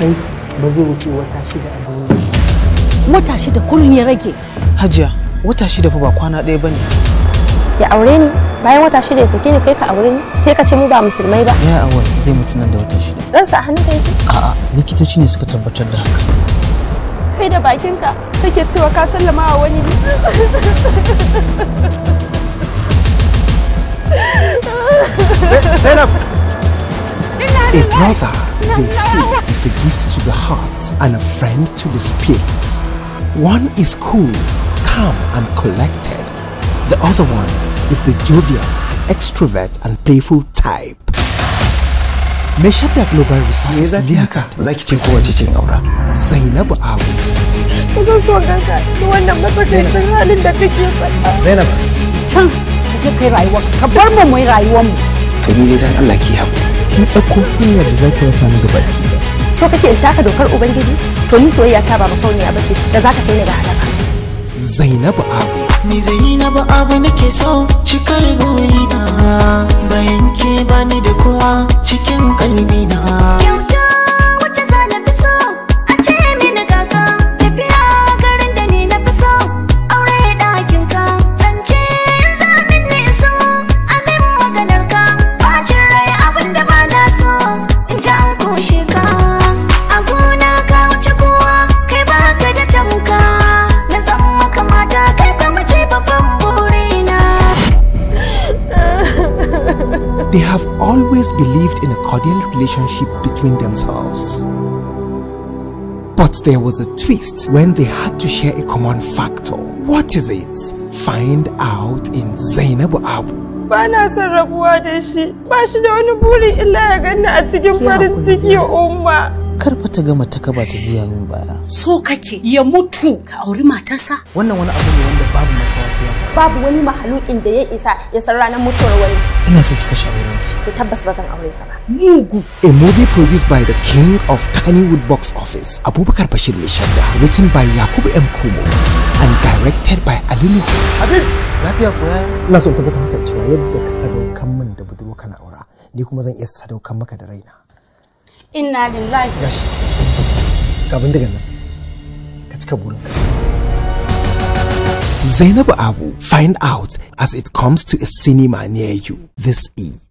ɗanki ba zai wuce wata shida a duniya wata shida kullum ya rage hajiya wata shida fa ba kwana ɗaya bane ya aure ni bayan wata shida ya sake ni kai ka aure ni sai ka ce mu ba musulmai ba ya awal zai mutu nan da wata shida dan sa hannu da yake a'a likitoci ne suka tabbatar da haka kai da bakinka kake cewa ka sallama wa wani Zainab! A eh, brother They say it's a gift to the heart and a friend to the spirit. One is cool, calm and collected. The other one is the jovial, extrovert and playful type. Meshada Global Resources Limited. Zaki ce ko wace ce Naura? Zainabu Abu. Ba zan so ganka cikin wannan matsakaicin halin da kake faɗa. Zainab. Can ka je kai rayuwa ka bar mu mu yi rayuwar mu. To ni dai dan Allah ki haƙuri. cikin ɗauko hanyar da zaki rasa ni gaba ki so kake in taka dokar ubangiji to ni soyayya ta ba makauniya bace da za ka kai ni ga halaka Zainabu Abu ni Zainabu Abu nake so cikar na. They have always believed in a cordial relationship between themselves. But there was a twist when they had to share a common factor. What is it? Find out in Zainabu Abu. ba na son rabuwa da shi ba shi da wani burin illa ya gani a cikin farin ciki umma karfa ta gama ta kaba ta juya min baya so kake ya mutu ka auri matarsa wannan wani abu ne wanda babu babu wani mahalukin da ya isa ya san ranar mutuwar wani ina so kika shawo auren ki to tabbas ba zan aure ka ba mugu a movie produced by the king of Kannywood box office Abubakar Bashir Mishanda written by Yakubu M Kumo and directed by Alimu Habib lafiya ko ina so in tabbatar maka cewa yadda ka sadaukan min da budurwa kana aura ni kuma zan iya sadaukan maka da raina inna lillahi gashi ga daga nan ka cika burinka Zainab Abu, find out as it comes to a cinema near you this Eid.